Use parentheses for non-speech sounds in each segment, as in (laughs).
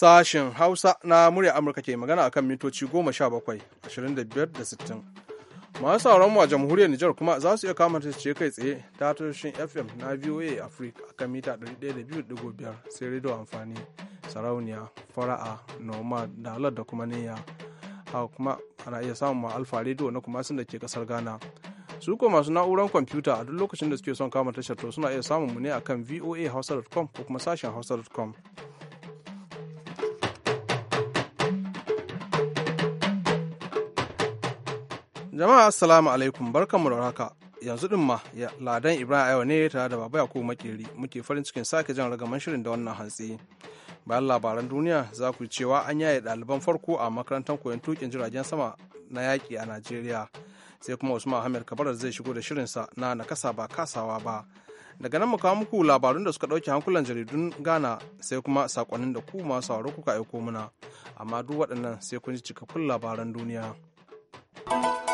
Sashen Hausa na murya Amurka ke magana akan mitoci 17, 25 da 60. Masu sauran mu a jamhuriyar Nijar kuma za su iya kamata ce kai tsaye ta tashoshin FM na VOA Africa akan mita 102.5 sai rido amfani sarauniya fara'a noma dalar da kuma niyya haka kuma ana iya samun alfa rediyo na kuma sun da ke kasar Ghana. su ko masu na'urar kwamfuta a duk lokacin da suke son kama tashar to suna iya samun mu ne akan hausa.com ko kuma sashen hausa.com Jama'a assalamu alaikum mu da haka yanzu din ma ladan Ibrahim Ayo ne tare da Baba Yakubu Makeri muke farin cikin sake jan ragaman shirin da wannan hantsi. Bayan labaran duniya za ku cewa an yaye ɗaliban farko a makarantar koyon tukin jiragen sama na yaki a Najeriya. Sai kuma Usman Ahmed kabara zai shigo da shirinsa na nakasa ba kasawa ba. Daga nan mu kawo muku labarun da suka ɗauke hankulan jaridun Ghana sai kuma sakonnin da ku masu sauraro kuka aiko muna. Amma duk waɗannan sai kun ji cikakkun labaran duniya.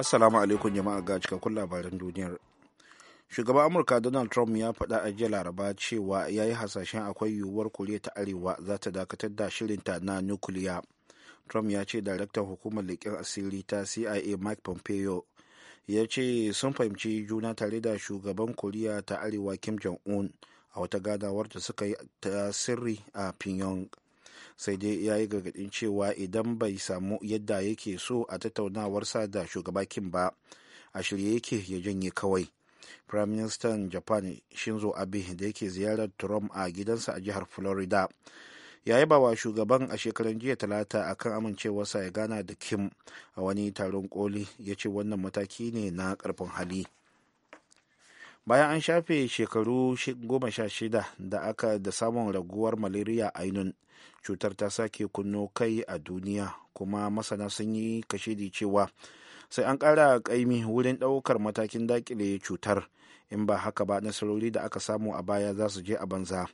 Assalamu alaikum jama'a ga cikakkun labaran duniyar. Shugaban Amurka Donald Trump ya faɗa a jiya Laraba cewa ya yi hasashen akwai yiwuwar Koriya ta Arewa za ta dakatar da shirinta na nukiliya. Trump ya ce daraktan hukumar leƙen asiri ta CIA Mike Pompeo ya ce sun fahimci juna tare da shugaban Koriya ta Arewa Kim Jong-un a wata gadawar da suka yi ta sirri a Pyongyang. sai dai ya yi gargaɗin cewa idan bai samu yadda yake so a tattaunawarsa da shugaba kim ba a shirye yake ya janye kawai prime minister japan shinzo abe da yake ziyarar trump a gidansa a jihar florida ya yaba wa shugaban a shekaran jiya talata akan amincewarsa ya gana da kim a wani taron koli ya ce wannan mataki ne na karfin hali bayan an shafe shekaru goma sha shida da aka da samun raguwar malaria ainun cutar ta sake kunno kai a duniya kuma masana sun yi kashedi cewa sai an ƙara ƙaimi wurin ɗaukar matakin dakile cutar in ba haka ba nasarori da aka samu a baya za su je a banza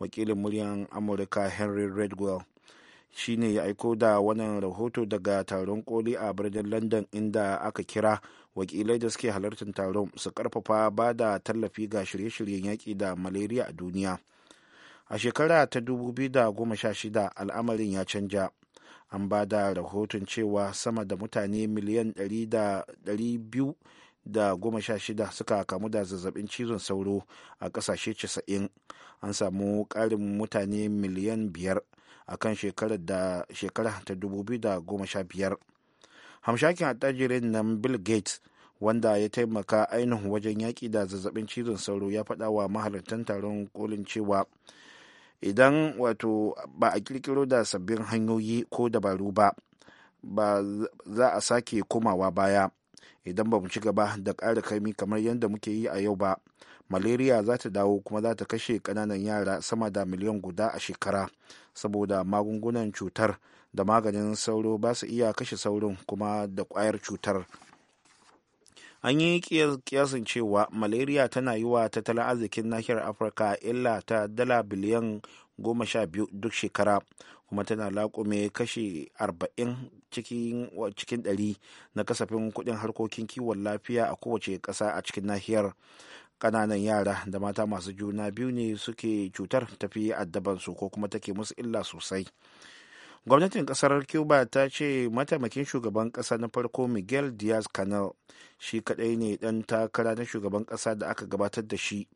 wakilin muryan amurka henry redwell shine ya aiko da wannan rahoto daga taron koli a birnin london inda aka kira wakilai da suke halartar taron su karfafa ba da tallafi ga shirye-shiryen yaƙi da malaria a duniya a shekara ta 2016 al'amarin ya canja an ba da rahoton cewa sama da mutane miliyan 216 suka kamu da zazzabin cizon sauro a ƙasashe 90 an samu ƙarin mutane miliyan 5 a kan shekarar ta 2015 hamshakin attajirin nan bill gates wanda ya taimaka ainihin wajen yaƙi da zazzabin cizon sauro ya faɗa wa mahalartan taron kolin cewa idan wato ba a ƙirƙiro da sabbin hanyoyi ko dabaru ba ba za a sake komawa baya idan ba mu ci gaba da ƙara kaimi kamar yadda muke yi a yau ba malaria za ta dawo kuma za ta kashe ƙananan yara sama da miliyan guda a shekara saboda magungunan cutar da maganin sauro ba su iya kashe saurin kuma da ƙwayar cutar an yi kiyasin cewa malaria tana yi wa tattalin arzikin nahiyar afirka illa ta dala biliyan goma sha biyu duk shekara kuma tana laƙume kashe arba'in cikin ɗari na kasafin kuɗin harkokin kiwon lafiya a kowace ƙasa a cikin nahiyar kananan yara da mata masu juna biyu ne suke cutar tafi addabansu ko kuma take musu illa sosai gwamnatin kasar cuba ta ce mataimakin shugaban kasa na farko miguel diaz canal shi kadai ne dan takara na shugaban kasa da aka gabatar da shi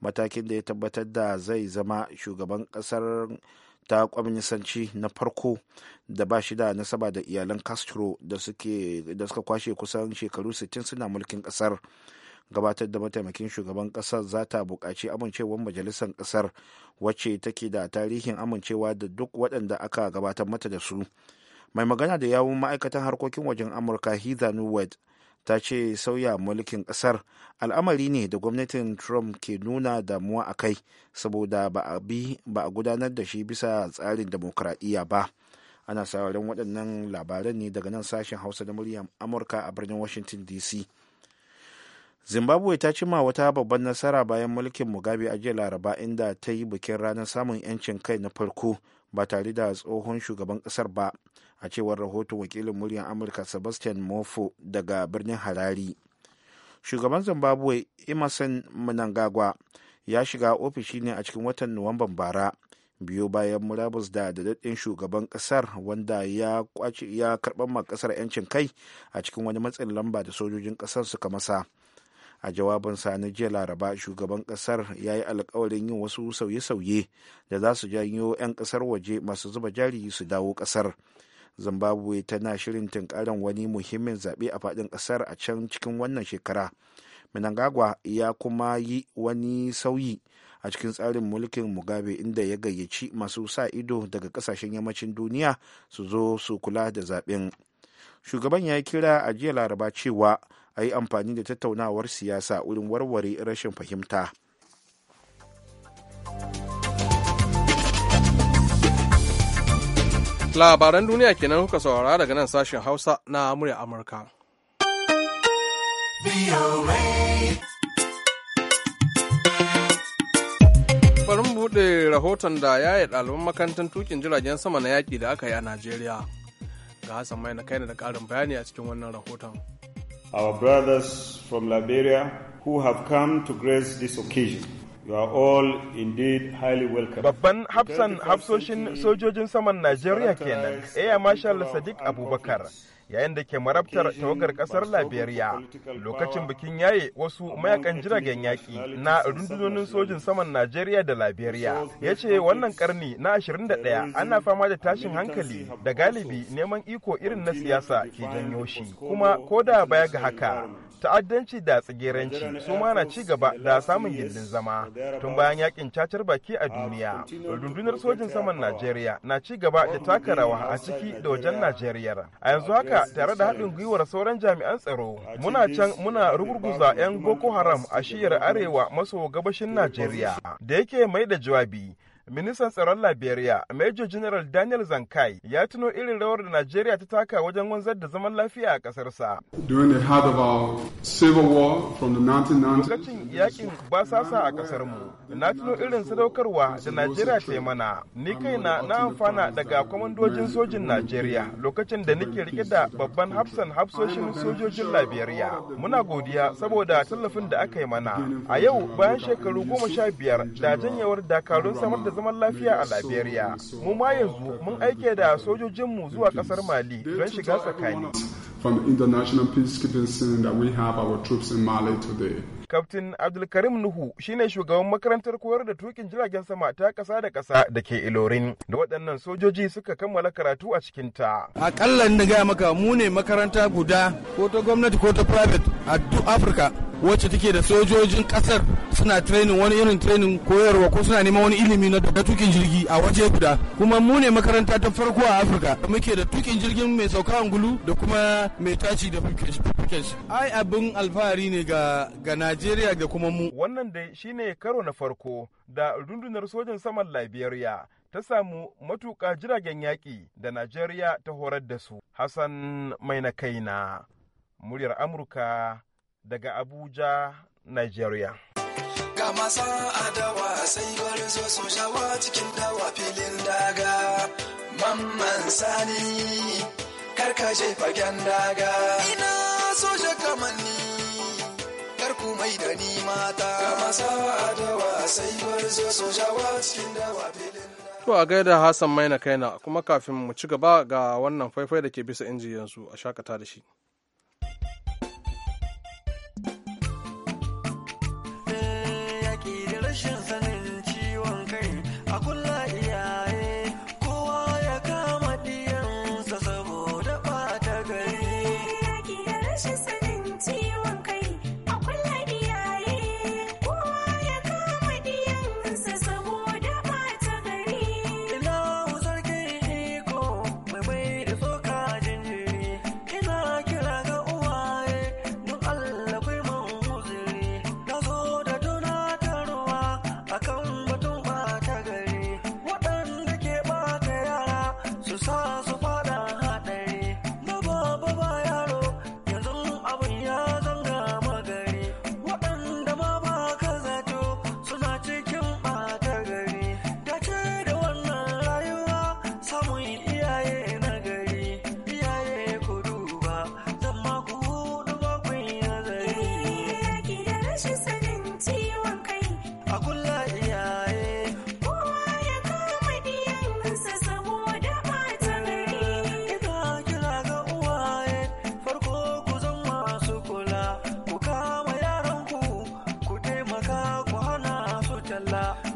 matakin da ya tabbatar da zai zama shugaban kasar ta kwaminisanci na farko da ba shi da nasaba da iyalan castro da suka kwashe kusan shekaru 60 suna mulkin kasar gabatar da mataimakin shugaban kasar za ta buƙaci amincewar majalisar kasar wacce take da tarihin amincewa da duk waɗanda aka gabatar mata da su mai magana da yawun ma'aikatan harkokin wajen amurka heather newell ta ce sauya mulkin kasar al'amari ne da gwamnatin trump ke nuna damuwa a kai saboda ba a bi ba gudanar da shi bisa tsarin demokuraɗiyya ba ana sauraron waɗannan labaran ne daga nan sashen hausa da muryar amurka a birnin washington dc zimbabwe ta cima wata babban nasara bayan mulkin mugabe a jiya laraba inda ta yi bikin ranar samun 'yancin kai na farko ba tare da tsohon shugaban kasar ba a cewar rahoton wakilin muryar amurka sebastian mofo daga birnin harari shugaban zimbabwe emerson mnangagwa ya shiga ofishi ne a cikin watan nuwamban bara biyo bayan murabus da daɗaɗɗen shugaban kasar wanda ya kwaci ya karban ma ƙasar 'yancin kai a cikin wani matsin lamba da sojojin ƙasar suka masa a jawabinsa na jiya laraba shugaban kasar ya yi alkawarin yin wasu sauye-sauye da za su janyo 'yan kasar waje masu zuba jari su dawo kasar zimbabwe tana shirin tunkarin wani muhimmin zaɓe a faɗin ƙasar a can cikin wannan shekara minangagwa ya kuma yi wani sauyi a cikin tsarin mulkin Mugabe inda ya gayyaci masu sa ido daga kasashen yammacin duniya su zo su kula da zaben. Shugaban ya kira a jiya laraba cewa a yi amfani da tattaunawar siyasa wurin warware rashin fahimta labaran duniya kenan kuka saurara daga nan sashen hausa na murya amurka bari mu buɗe rahoton da ya yi ɗaliban makarantar tukin jiragen sama na yaƙi da aka yi a najeriya ga hassan mai na kai da ƙarin bayani a cikin wannan rahoton our brothers from Liberia who have come to grace this occasion. You are all indeed highly welcome. Babban hafsan hafsoshin sojojin saman Najeriya kenan, Air Marshal Sadiq Abubakar. yayin da ke marabtar tawagar kasar liberia lokacin bikin yaye wasu mayakan jiragen yaƙi na rundunonin sojin saman najeriya da liberia ya ce wannan karni na 21 ana fama da tashin hankali da galibi neman iko irin na siyasa ke janyo shi kuma ko da baya ga haka ta'addanci da tsigeranci su ma na ci gaba da samun gindin zama tun bayan yakin cacar baki a duniya rundunar sojin saman najeriya na ci gaba da taka rawa a ciki da wajen najeriya a yanzu haka tare da haɗin gwiwar sauran jami'an tsaro muna can muna rugurguza 'yan boko haram a shiyar arewa maso gabashin najeriya da yake mai da jawabi Ministan tsaron Liberia, Major General Daniel Zankai, ya tuno irin rawar da Najeriya ta taka wajen wanzar da zaman lafiya a ƙasarsa. During the heart of our civil war Lokacin yakin basasa a mu na tuno irin sadaukarwa da Najeriya ta yi mana. Ni kai na amfana daga kwamandojin sojin Najeriya lokacin da nake rike da babban hafsan hafsoshin sojojin Liberia. Muna godiya saboda tallafin da aka yi mana. A yau bayan shekaru goma sha biyar da janyewar dakarun samar da zaman lafiya a Liberia. Mu ma yanzu mun aike da sojojinmu zuwa kasar Mali don shiga tsakani. From the international peacekeeping that we have our troops in Mali today. Kaftin Abdulkarim Nuhu shine shugaban makarantar koyar da tukin jiragen sama ta kasa da kasa da ke Ilorin da waɗannan sojoji suka kammala karatu a cikin ta. Aƙalla da gaya maka mu ne makaranta guda ko ta gwamnati ko ta private a duk Afirka wacce take da sojojin kasar suna training wani irin training koyarwa ko suna neman wani ilimi na da tukin jirgi a waje guda kuma mu ne makaranta ta farko a afirka muke da tukin jirgin mai sauka angulu da kuma mai taci da fukesh ai abin alfahari ne ga ga najeriya da kuma mu wannan dai shine karo na farko da rundunar sojan saman liberia ta samu matuƙa jiragen yaƙi da najeriya ta horar da su hassan mai na kaina muryar amurka daga Abuja, Nigeria. Ga masu adawa sai bari zo sun shawa cikin dawa filin daga, mamman sani karkashe fagen daga. Ina soja kamanni, mai da ni mata. sai cikin dawa filin daga. To a gaida Hassan Maina Kaina kuma kafin mu ci gaba ga wannan faifai da ke bisa inji yanzu a shakata da shi. mashallah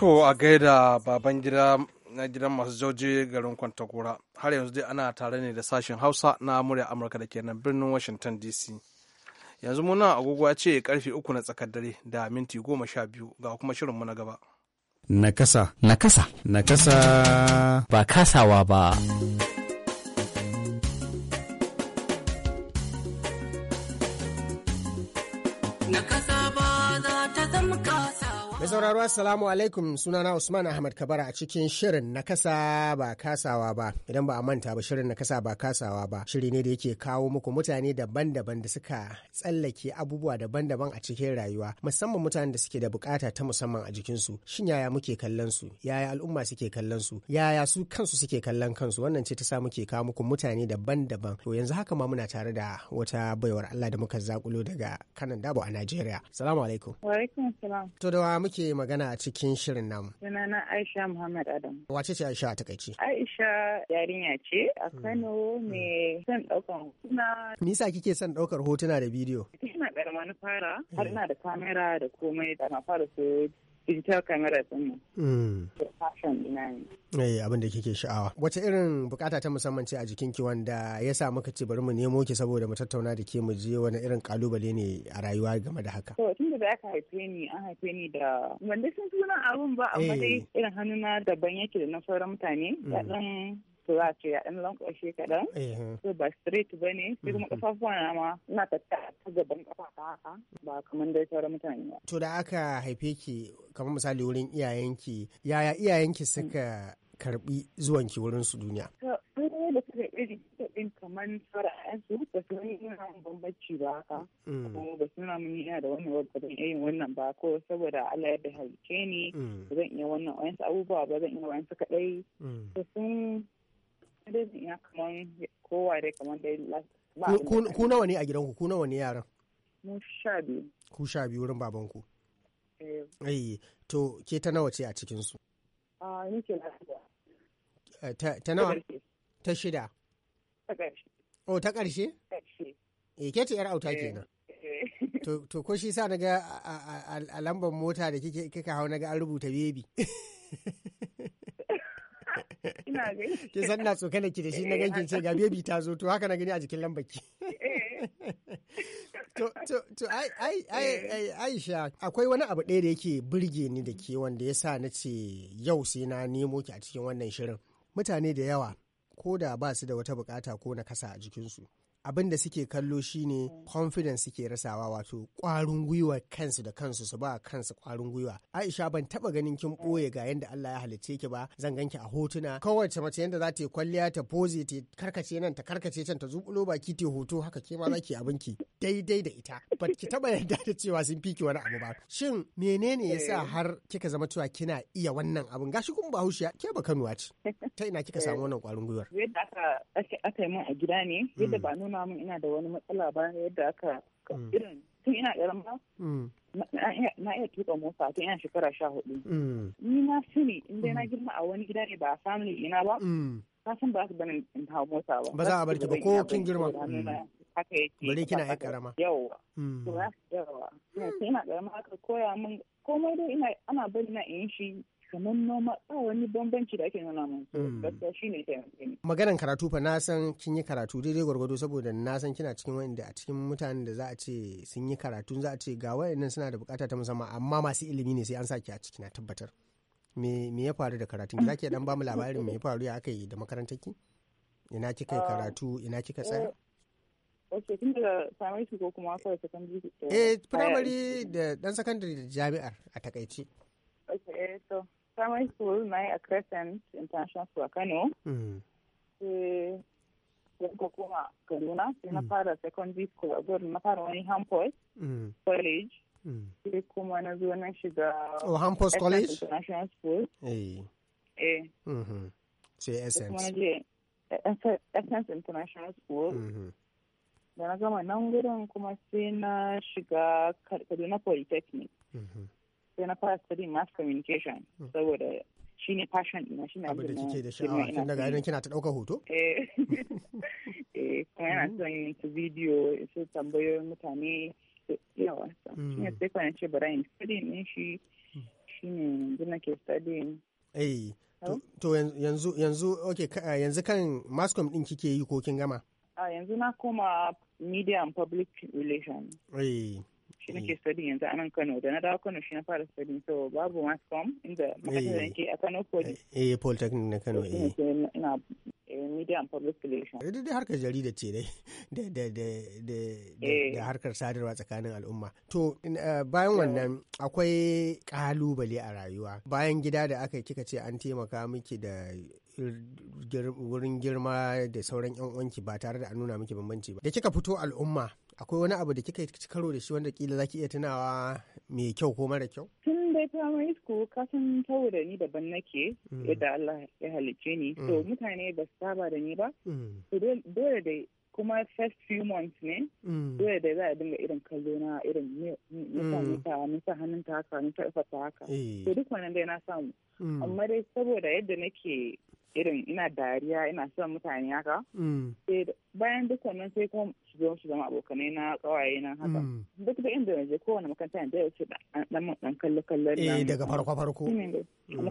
To a gaida baban gida na gidan masu jauje garin Kwantakura har yanzu dai ana tare ne da sashen Hausa na murya Amurka da ke nan birnin Washington DC. Yanzu muna agogo ya ce karfe uku na tsakar dare da minti goma sha biyu ga kuma shirin mu na gaba. Nakasa. Nakasa. Nakasa. Ba kasawa ba. sauraro assalamu alaikum sunana Usman Ahmad Kabara a cikin shirin na kasa ba kasawa ba idan ba a manta ba shirin na kasa ba kasawa ba shiri ne da yake kawo muku mutane daban-daban da suka tsallake abubuwa daban-daban a cikin rayuwa musamman mutanen da suke da bukata ta musamman a jikin su shin yaya muke kallon su yaya al'umma suke kallon su yaya su kansu suke kallon kansu wannan ce ta sa muke kawo muku mutane daban-daban to yanzu haka ma muna tare da wata baiwar Allah da muka zakulo daga kanan dabo a Najeriya assalamu alaikum wa alaikum assalam kake magana a cikin shirin namu? Sunana Aisha Muhammad Adam. Wace ce Aisha ta takaice? Aisha yarinya ce a hmm. Kano hmm. mai son ɗaukar hotuna. Nisa kike son ɗaukar hotuna da bidiyo? Ina ƙarama na fara har eh. ina da kamera da komai da na fara so digital camera din mm. ina ne. Eh, abin da kike sha'awa. Wace irin bukata ta musamman ce a jikin ki wanda ya sa muka ce bari mu nemo ki saboda mu tattauna da ke mu je wani irin kalubale ne a rayuwa game da haka. To tun da aka haife ni an haife ni da wanda sun suna abun ba amma eh. dai irin hannuna daban yake da na sauran mutane. Mm. za a ce ya ɗan lankwashe kaɗan so ba straight ba ne sai kuma mhm. ƙafafuwa na ma ina tattara ta gaban ƙafa ta haka ba kamar dai sauran mutane ba. to da aka haife ki kamar misali wurin iyayenki yaya iyayenki suka karbi zuwanki wurin su duniya. da suka iri ɗin kamar tsara yansu ba su wani nuna mun bambanci ba haka mm. kuma ba su nuna mun yana da wannan wadda zan iya yin wannan ba ko saboda Allah yadda halice ni mm. ba zan iya wannan wayansu abubuwa ba zan iya wayansu kaɗai. Da mm. sun dai ina kaman kowa dai kaman dai ku nawa ne a gidanku ku nawa ne yaran mu sha biyu ku sha biyu wurin babanku eh to ke ta nawa ce a cikin su a ni ke eh, ta nawa ta shida ta oh, ta karshe? eh ke ta yar auta eh, kenan eh. to ko shi sa naga a lambar mota da kike kika hau naga an rubuta bebi (laughs) ina (laughs) ke san na tsokana ki da shi na eh, gankin ce ga (laughs) bebi ta zo to haka na gani a jikin lambar (laughs) to eh. Aisha akwai wani abu ɗaya da yake birge ni da ke wanda yasa na ce yau sai na nemo ki a cikin wannan shirin mutane da yawa ko da ba su da wata bukata ko na kasa a jikinsu abin da suke kallo shine confidence suke rasawa wato kwarin gwiwa kansu da kansu su ba kansu kwarin gwiwa aisha ban taba ganin kin ɓoye ga yanda Allah ya halicce ki ba zan ganki a hotuna kowace mace yadda za ta yi kwalliya ta pose ta karkace nan ta karkace can ta zubulo ki ta hoto haka ke ma za ki abin ki daidai da ita ba ki taba yarda da cewa sun fiki wani abu ba shin menene yasa eh. har kika zama cewa kina iya wannan abin gashi kun bahaushe ke ba Kano ce (laughs) ta ina kika samu eh. wannan kwarin gwiwar yadda aka aka yi min a gida ne yadda mm. ba nuna min ina da wani matsala ba yadda aka mm. irin tun ina karama mm. na iya tuka mota tun ina shekara sha hudu mm. ni na sani in dai na girma a wani gida ne ba a family ina ba ka san ba su bani in hau mota ba ba za a barki ba ko kin girma haka yake bare kina yan karama Yawwa. yawa ina karama haka koya min komai dai ana bari na in shi kamar noma ba wani bambanci da ake nuna mun hmm. gaskiya shine ta maganan karatu fa na san kin yi karatu daidai gwargwado saboda na san kina cikin wanda a cikin mutanen da za a ce sun yi karatu za a ce ga wayannan suna da bukata ta musamman amma masu ilimi ne sai an saki a ciki na tabbatar me me ya faru da karatun ki zaki dan ba mu labarin me ya faru ya aka yi da makarantar ki ina kika yi ah, karatu ina kika tsaya Wace eh, tun da primary school ko kuma kawai secondary? Eh, eh, primary da dan secondary da jami'ar a takaice. Okay, so eh, primary school na yi a Crescent International School a Kano. Sai ko koma Kaduna sai na fara secondary school a gurin na fara wani Hampos College. Sai kuma na zo na shiga Oh Hampos College? International School. Eh. Eh. Mm-hmm. Sai Essence. Essence International School. Mm-hmm. Da na gama nan gudun kuma sai na shiga Kaduna Polytechnic. Mm-hmm. sai na fara studying mass communication hmm. saboda shi ne passion ina shi ne abin da kike da sha'awa tun daga idan kina ta ɗaukar hoto eh, (laughs) eh kuma yana hmm. son yin su bidiyo tambayoyin mutane yawa hmm. shi ne sai kwanan ce brian yin ne shi shi ne yanzu nake studying eh to yanzu yanzu okay eh, yanzu kan mass com din kike yi ko kin gama a ah, yanzu na koma media and public relations eh shi nake mm. study yanzu a nan Kano da na dawo Kano shi na fara study so babu mass com inda makarantar yake eh. a Kano Poly eh polytechnic na Kano eh ina eh, media and public relations eh dai harkar jarida ce dai (laughs) da da da eh. da harkar sadarwa tsakanin al'umma to bayan wannan akwai kalubale a rayuwa bayan gida da aka kika ce an taimaka miki da wurin girma da sauran yan uwanki ba tare da an nuna miki bambanci ba da kika fito al'umma akwai wani abu da kika ci karo da shi wanda kila zaki iya tunawa mai kyau ko mara kyau tun dai primary school kasan da ni daban nake mm. yadda Allah ya halicce ni so mm. mutane ba su saba da ni ba mm. dole da kuma first few months ne dole da za a dinga irin kallo na irin nisa nisa hannun ta haka nisa ta haka eh. to duk wannan dai na samu amma dai saboda yadda nake irin ina dariya ina son mutane haka bayan duk wannan sai zo su zama abokanai na kawaye na haka hmm. duk da inda na je kowane makaranta yanzu ya ce dan kallo kallon eh daga farko farko hmm.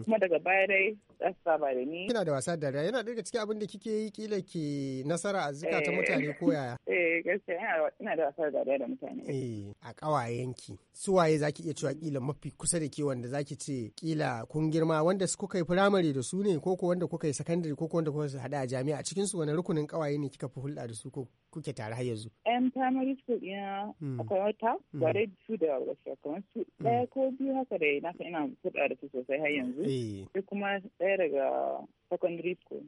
kuma daga baya dai za ba da ni kina da wasa da dariya yana daga cikin abin da kike yi kila ki nasara a zukatan eh. mutane ko yaya (laughs) eh gaskiya ina da wasa da dariya da mutane eh a kawayenki su waye zaki iya cewa kila mafi kusa da ke wanda zaki ce kila kun girma wanda kuka yi firamare da su ne ko ko wanda kuka yi sakandare ko ko wanda kuka hada a jami'a a cikin su wani rukunin kawaye ne kika fi hulɗa da su ko kuke tare har yanzu yanzu? Yan primary school ina hmm. akwai wata gware hmm. su da wasu kamar su hmm. ɗaya ko biyu haka dai na ina kuɗa da su sosai har yanzu. Eh. Sai kuma ɗaya daga secondary school.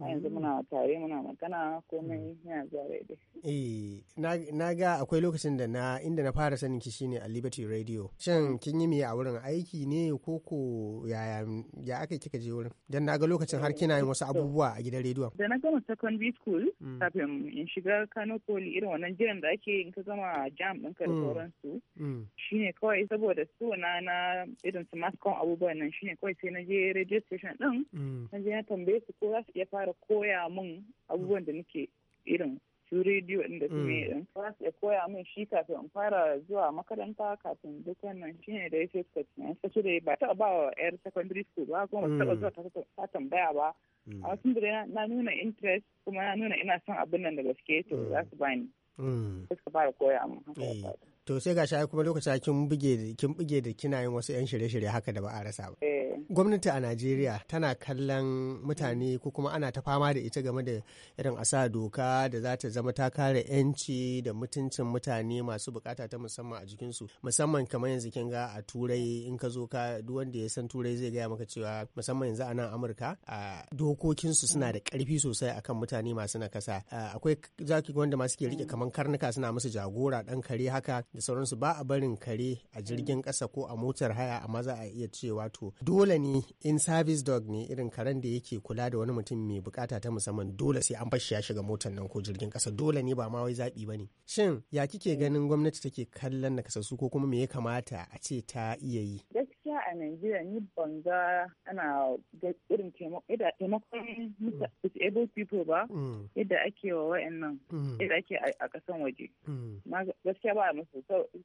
a yanzu mm. muna tare muna magana komai mm. yana zuwa daidai. Eh, na ga akwai lokacin da na inda na fara sanin ki shine a Liberty Radio. Shin mm. kin yi a wurin aiki ne ko ko ya aka kika je wurin? Dan na ga lokacin har kina yin wasu eh, abubuwa a gidan rediyon. Da na gama secondary school kafin in shiga Kano Poly irin wannan jiran da ake in ka gama jam ɗinka da sauransu. Shine kawai saboda su na na irin su mascom abubuwan nan shine kawai sai na je radio station ɗin. Na je na tambaye su ko za su iya fara fara koya mun abubuwan da nake irin su rediyo inda su ne mm. za su koya min shi kafin in fara zuwa makaranta kafin duk wannan shi ne da ya ce suka tunani su da ba taɓa ba wa yar secondary school ba kuma ba taɓa mm. zuwa ta tambaya ba mm. a wasu da na nuna interest kuma na nuna ina son abin nan da gaske to za su bani suka fara koya mun. to sai ga shi kuma lokaci kin buge kin buge da kina yin wasu yan shirye-shirye haka da ba a rasa ba eh. gwamnati a Najeriya tana kallon mutane ko kuma ana ta fama da ita game da irin asa doka da za ta zama ta kare yanci da mutuncin mutane masu bukata ta musamman a jikinsu musamman kamar yanzu kin ga a turai in ka zo ka duk wanda ya san turai zai gaya maka cewa musamman yanzu a nan Amurka a dokokinsu suna da karfi sosai akan mutane masu nakasa akwai zaki wanda masu ke rike kamar karnuka suna musu jagora dan kare haka da sauransu ba a barin kare a jirgin kasa ko a motar haya amma za a iya cewa to dole ne in service dog ne irin karen da yake kula da wani mutum mai bukata ta musamman dole sai an bashi ya shiga motar nan ko jirgin kasa dole ne ba ma wai zaɓi ba ne shin ya kike ganin gwamnati take kallon nakasassu ko kuma me ya kamata a ce ta iya yi gaskiya a Najeriya ni ban ga ana ga irin taimakon mm. disabled people ba mm. yadda ake wa wa'annan mm. yadda ake a kasan waje. Gaskiya ba a musu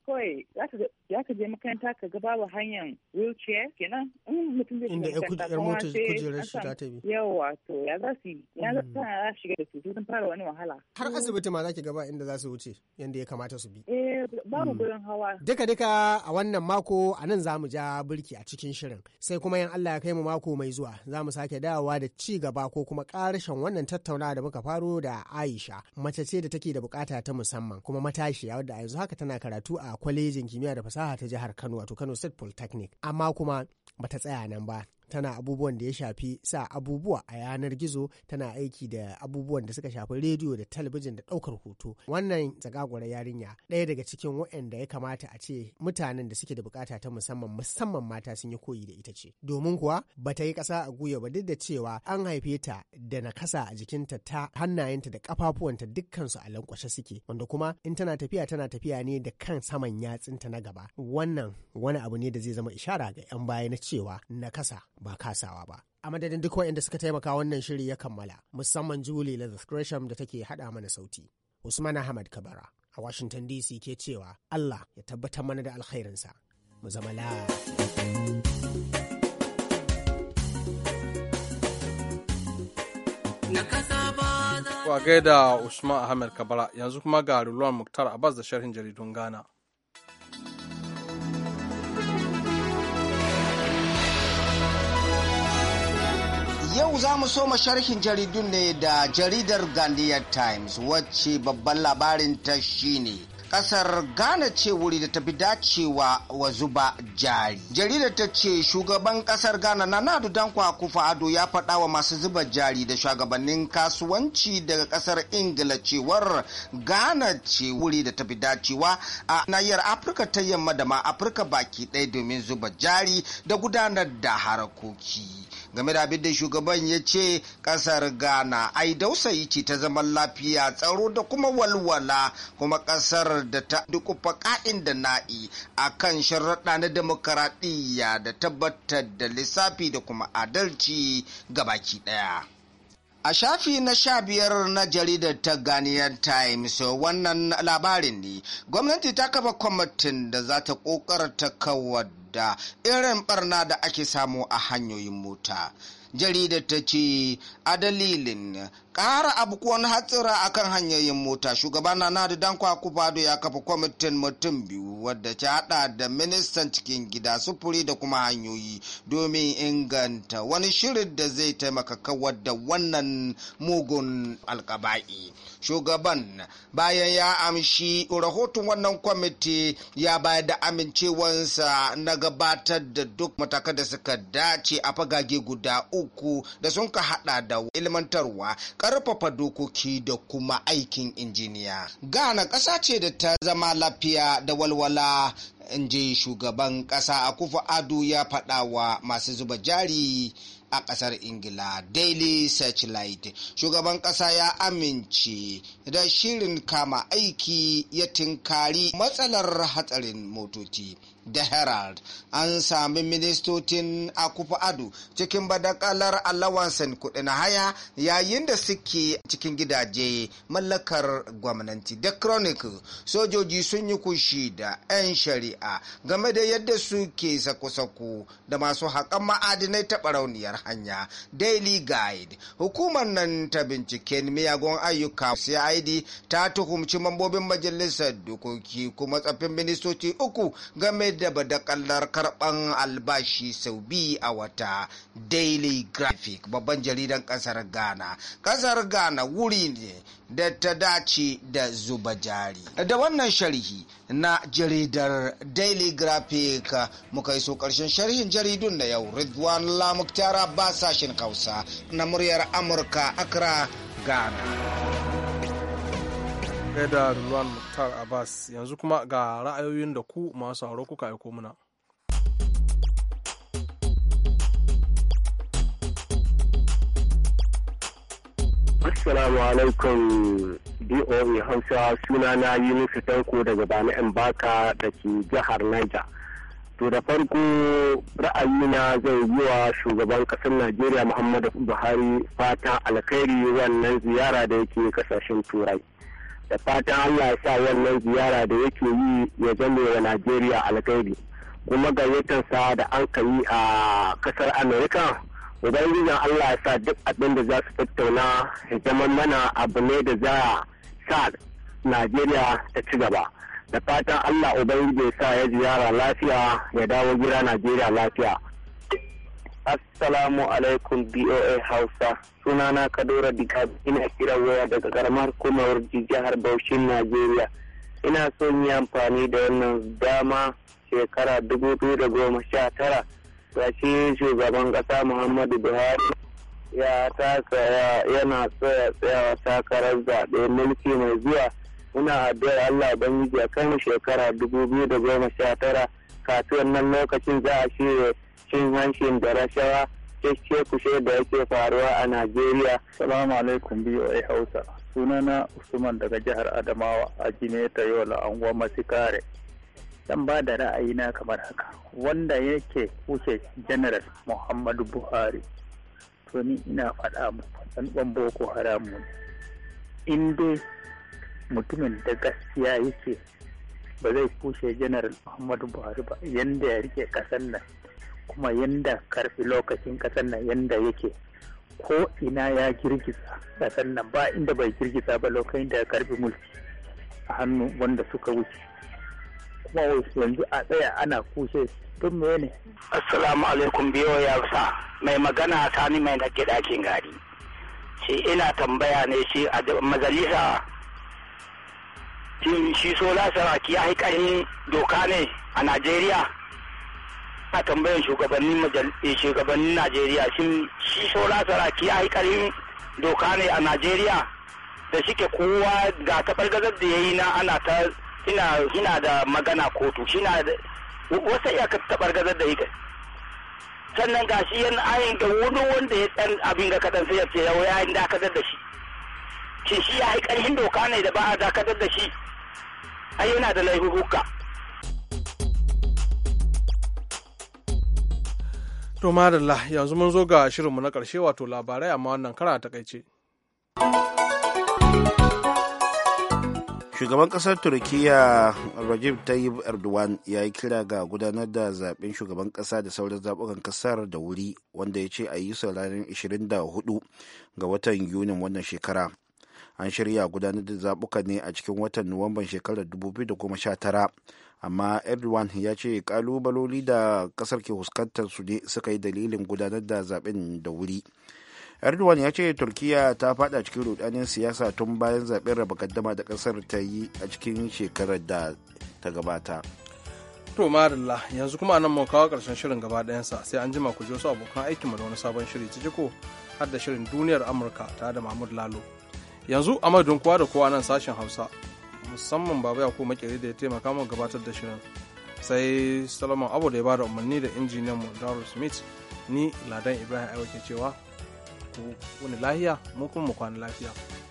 kawai za ka je makaranta ka ga babu hanyar wheelchair kenan in mutum zai inda ya kujerar shi ta tabi. Yawa to ya za su yi ya za su shiga da su sun fara wani wahala. Har asibiti ma za ki gaba inda za su wuce yadda ya kamata su bi. Eh babu gurin hawa. Duka-duka a wannan mako a nan za mu ja birki a cikin shirin sai kuma yan Allah ya kai mu mako mai zuwa za mu sake dawowa da ci gaba ko kuma karshen wannan tattaunawa da muka faro da Aisha mace ce da take da bukata ta musamman kuma matashiya wadda a yanzu haka tana karatu a kwalejin kimiyya da fasaha ta jihar Kano wato Kano State Polytechnic amma kuma bata tsaya nan ba tana abubuwan da ya shafi sa abubuwa a yanar gizo tana aiki da abubuwan da suka shafi rediyo da talabijin da ɗaukar hoto wannan tsagagwar yarinya ɗaya daga cikin waɗanda ya kamata a ce mutanen da suke da bukata ta musamman musamman mata sun yi koyi da ita ce domin kuwa ba ta yi ƙasa a guya ba duk da cewa an haife ta da nakasa a jikinta ta hannayenta da ƙafafuwanta dukkansu a lankwashe suke wanda kuma in tana tafiya tana tafiya ne da kan saman yatsinta na gaba wannan wani abu ne da zai zama ishara ga 'yan baya na cewa nakasa ba kasawa ba. A madadin duk waɗanda suka taimaka wannan shiri ya kammala, musamman Julie Lazarus Gresham da take haɗa mana sauti. Usman Ahmad Kabara a Washington DC ke cewa Allah ya tabbatar mana da alkhairinsa. Mu zama Wa gaida Usman Ahmad Kabara yanzu kuma ga Rulwan Muktar Abbas da sharhin jaridun Ghana. Yau za mu soma sharhin jaridun ne da jaridar Gandiyar Times wacce babban labarin ta shine kasar Ghana ce wuri da tafi dacewa wa zuba jari. Jaridar ta ce shugaban kasar Ghana na nadu dan kwakufa Ado ya faɗa wa masu zuba jari da shugabannin kasuwanci daga kasar Ingila cewar Ghana ce wuri da tafi dacewa a nahiyar Afirka ta yamma da ma Afirka baki ɗaya domin zuba jari da gudanar da harkoki game da abin da shugaban ya ce kasar ghana ai dausayi ce ta zaman lafiya tsaro da kuma walwala kuma kasar da ta dukufa ka'in da na'i a kan sharaɗa na demokaraɗiyya da tabbatar da lissafi da kuma adalci ga baki ɗaya. A shafi na sha biyar na jaridar ta Ghanaian Times wannan labarin ne, gwamnati ta kafa kwamitin da za ta ƙoƙarta kawar da irin barna da ake samu a hanyoyin mota. Jaridar ta ce, a dalilin ƙara abkuwan hatsira a kan hanyoyin mota shugaban nanadi dan kwakufado ya kafa kwamitin mutum biyu wadda ta hada da ministan cikin gida sufuri da kuma hanyoyi domin inganta wani shirin da zai taimaka kawar da wannan mugun alkaba'i shugaban bayan ya amshi rahoton wannan kwamiti ya bayar da amincewansa na gabatar da duk matakan da suka dace a fagage guda uku da sun ka hada da ilmantarwa karfafa dokoki da kuma aikin injiniya ghana ƙasa ce da ta zama lafiya da walwala in ji shugaban ƙasa a kufa ado ya faɗa wa masu zuba jari a ƙasar ingila daily searchlight shugaban ƙasa ya amince da shirin kama aiki ya tinkari matsalar hatsarin motoci da herald an sami ministocin akufa ado cikin badakalar alawansan kudin haya yayin da suke cikin gidaje mallakar gwamnati da chronicle sojoji sun yi kushi da 'yan shari'a game da yadda suke sako-sako da masu haƙan ma'adinai ta barauniyar hanya daily guide hukumar nan ta binciken miyagun ayyuka cid ta tuhumci mambobin majalisar dokoki kuma tsafin ministoci uku game da kallar karban albashi sau biyu a wata daily graphic babban jaridan kasar ghana kasar ghana wuri ne da ta dace da zuba jari da wannan sharhi na jaridar daily graphic muka iso karshen sharhin jaridun na yau ridwan lamuktara ba sashen kausa na muryar amurka accra ghana da Rulwan Muktar Abbas yanzu kuma ga ra'ayoyin da ku masu haro kuka aiko muna. Assalamu alaikum DOE Hausa suna na yi musu Tanko daga Bani'in Baka da ke jihar Niger. To da farko ra'ayina zai yi wa shugaban ƙasar Najeriya Muhammadu Buhari fata alkhairi wannan ziyara da yake kasashen Turai. da fatan Allah ya sa wannan ziyara da yake yi ya zame wa Najeriya alkhairi kuma sa da an yi a kasar Amerika ubangijin Allah ya sa duk abin da za su tattauna ya zama mana abu ne da za a sa Najeriya ta ci gaba da fatan Allah ubangiji ya sa ya ziyara lafiya ya dawo gida Najeriya lafiya Assalamu alaikum BOA Hausa. Sunana Kadora Diga ina kira waya daga karamar kumawar jihar Bauchi Najeriya. Ina son yi amfani da wannan dama shekara dubu biyu da shi shugaban kasa Muhammadu Buhari ya taka yana tsaya tsayawa takarar zaɓe mulki mai zuwa muna addu'ar Allah ban yi shekara dubu biyu da goma kafin nan lokacin za a shirya cin hancin da rashawa kushe da yake faruwa a Najeriya. Salamu alaikum BOA Hausa. Sunana Usman daga jihar Adamawa a ta Jime Tayola Anguwa Masikare. Zan ba da ra'ayina kamar haka. Wanda yake kushe General Muhammadu Buhari. To ni ina faɗa mu. ɗan Boko Haram In dai mutumin da gaskiya yake ba zai kushe General Muhammadu Buhari ba yanda ya rike ƙasar nan. kuma yanda karfi lokacin kasar nan yanda yake ko ina ya girgiza kasar nan ba inda bai girgiza ba lokacin da karfi mulki a hannu wanda suka wuce kuma yanzu a tsaya ana kushe don me ne assalamu alaikum biyo ya mai magana sani mai na gidakin gari shi ina tambaya ne shi a majalisa shi sola ki ya doka ne a najeriya a tambayan shugabannin eh, shugabannin najeriya shin shi sola saraki ya yi karin doka ne a najeriya da shike kowa ga gazar da ya yi na ana ta ina ina da magana kotu shina wata iyakar gazar da yake sannan ga shi yan ayin ga wani wanda ya dan abin ga kadan sai ya ce yau ya yi dakatar da shi shi shi ya yi ƙarfin doka ne da ba a dakatar da shi ai yana da laifuka To yanzu mun zo ga shirinmu na ƙarshe wato labarai amma wannan kara takaice. Shugaban ƙasar Turkiyya Rajib Tayyip Erdogan ya yi kira ga gudanar da zaɓen shugaban ƙasa da sauran zaɓukan ƙasar da wuri wanda ya ce a yi su ranar 24 ga watan Yunin wannan shekara. An shirya gudanar da zaɓuka ne a cikin watan Nuwamban shekarar 2019 amma erdogan ya ce kalubaloli da kasar ke huskantar su ne suka yi dalilin gudanar da zaben da wuri erdogan ya ce turkiya ta fada cikin rudanin siyasa tun bayan zaben raba kaddama da kasar ta yi a cikin shekarar da ta gabata to marilla yanzu kuma anan mun kawo karshen shirin gaba ɗayansa sai an jima ku je wasu abokan aikinmu da wani sabon shiri ciki ko har da shirin duniyar amurka ta da mahmud lalo yanzu a madadin kowa da kowa nan sashen hausa musamman baba ya kuma makere da ya taimaka mu gabatar da shirin sai salomon abu da ya bada umarni da injiniyan mu darrell smith ni ladan ibrahim aiwa ke cewa ku wani lahiya mu kuma mu kwana lafiya